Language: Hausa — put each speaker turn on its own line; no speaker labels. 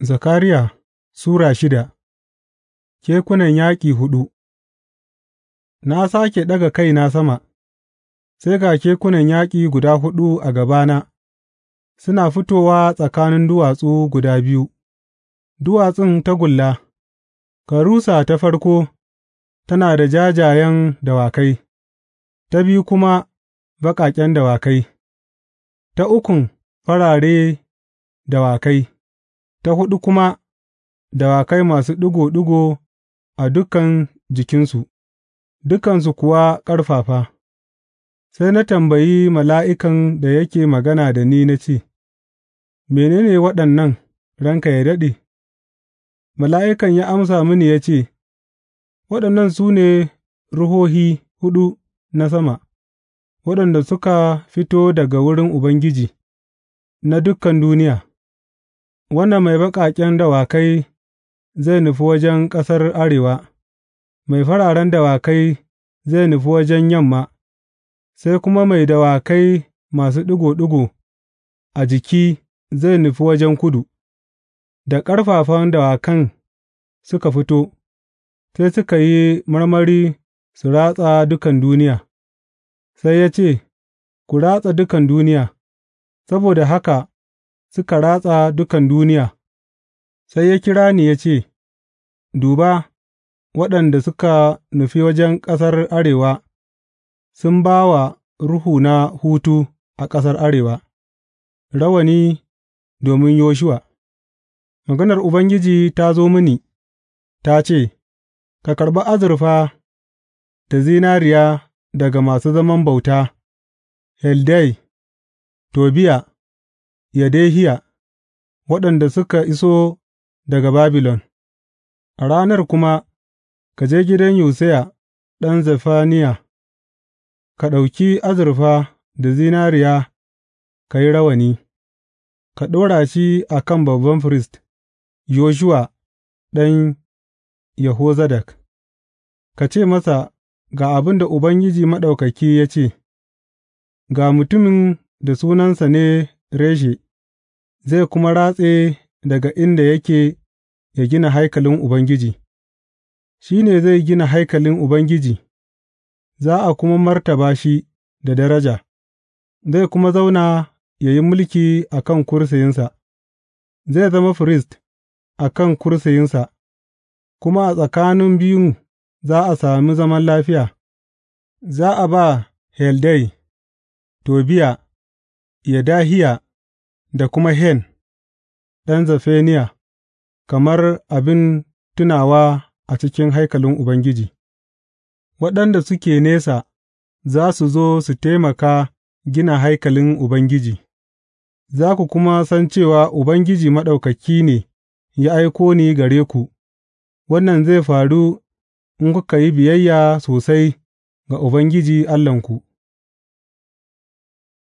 Zakariya Sura shida Kekunan yaƙi huɗu Na sake ɗaga kaina sama, sai ga kekunan yaƙi guda huɗu a gabana suna fitowa tsakanin duwatsu guda biyu, duwatsun tagulla, karusa ta farko tana da jajayen dawakai, ta biyu kuma baƙaƙen dawakai, ta ukun farare dawakai. ta huɗu kuma dawakai masu ɗigo ɗigo a dukan jikinsu, dukansu kuwa ƙarfafa. Sai na tambayi mala'ikan da yake magana da ni na ce, Mene ne waɗannan, ranka ya daɗe? Mala'ikan ya amsa mini ya ce, Waɗannan su ne ruhohi huɗu na sama, waɗanda suka fito daga wurin Ubangiji na dukan duniya. Wannan mai baƙaƙen dawakai zai nufi wajen ƙasar arewa, mai fararen dawakai zai nufi wajen yamma, sai kuma mai dawakai masu ɗigo ɗigo a jiki zai nufi wajen kudu, da ƙarfafan dawakan suka fito, sai suka yi marmari su ratsa dukan duniya, sai ya ce, Ku ratsa dukan duniya, saboda haka. suka ratsa dukan duniya, sai ya kira ni ya ce, Duba, waɗanda suka nufi wajen ƙasar arewa sun ba wa na hutu a ƙasar arewa, rawani domin Yoshuwa. Maganar Ubangiji ta zo mini, ta ce, Ka karɓi azurfa da zinariya daga masu zaman bauta, Heldai, Tobiya Yedehiya waɗanda suka iso daga Babilon A ranar kuma ka je gidan Yosiya ɗan Zefaniya, ka ɗauki azurfa da zinariya ka yi rawani, ka ɗora shi a kan babban firist Yoshuwa ɗan Yehozadak, ka ce masa, Ga abin da Ubangiji Maɗaukaki ya ce, Ga mutumin da sunansa ne Reshe. zai kuma ratse daga inda yake ya gina haikalin Ubangiji, shi ne zai gina haikalin Ubangiji, za a kuma martaba shi da daraja, zai kuma zauna ya yi mulki a kan kursiyinsa, zai zama firist a kan kursiyinsa, kuma a tsakanin biyun za a sami zaman lafiya, za a ba Heldai, Tobiya, Yadahiya. da kuma Hen, ɗan Zafeniya, kamar abin tunawa a cikin haikalin Ubangiji, waɗanda suke nesa za su zo su taimaka gina haikalin Ubangiji, za ku kuma san cewa Ubangiji Maɗaukaki ne ya aiko ni gare ku, wannan zai faru in kuka yi biyayya sosai ga Ubangiji Allahnku.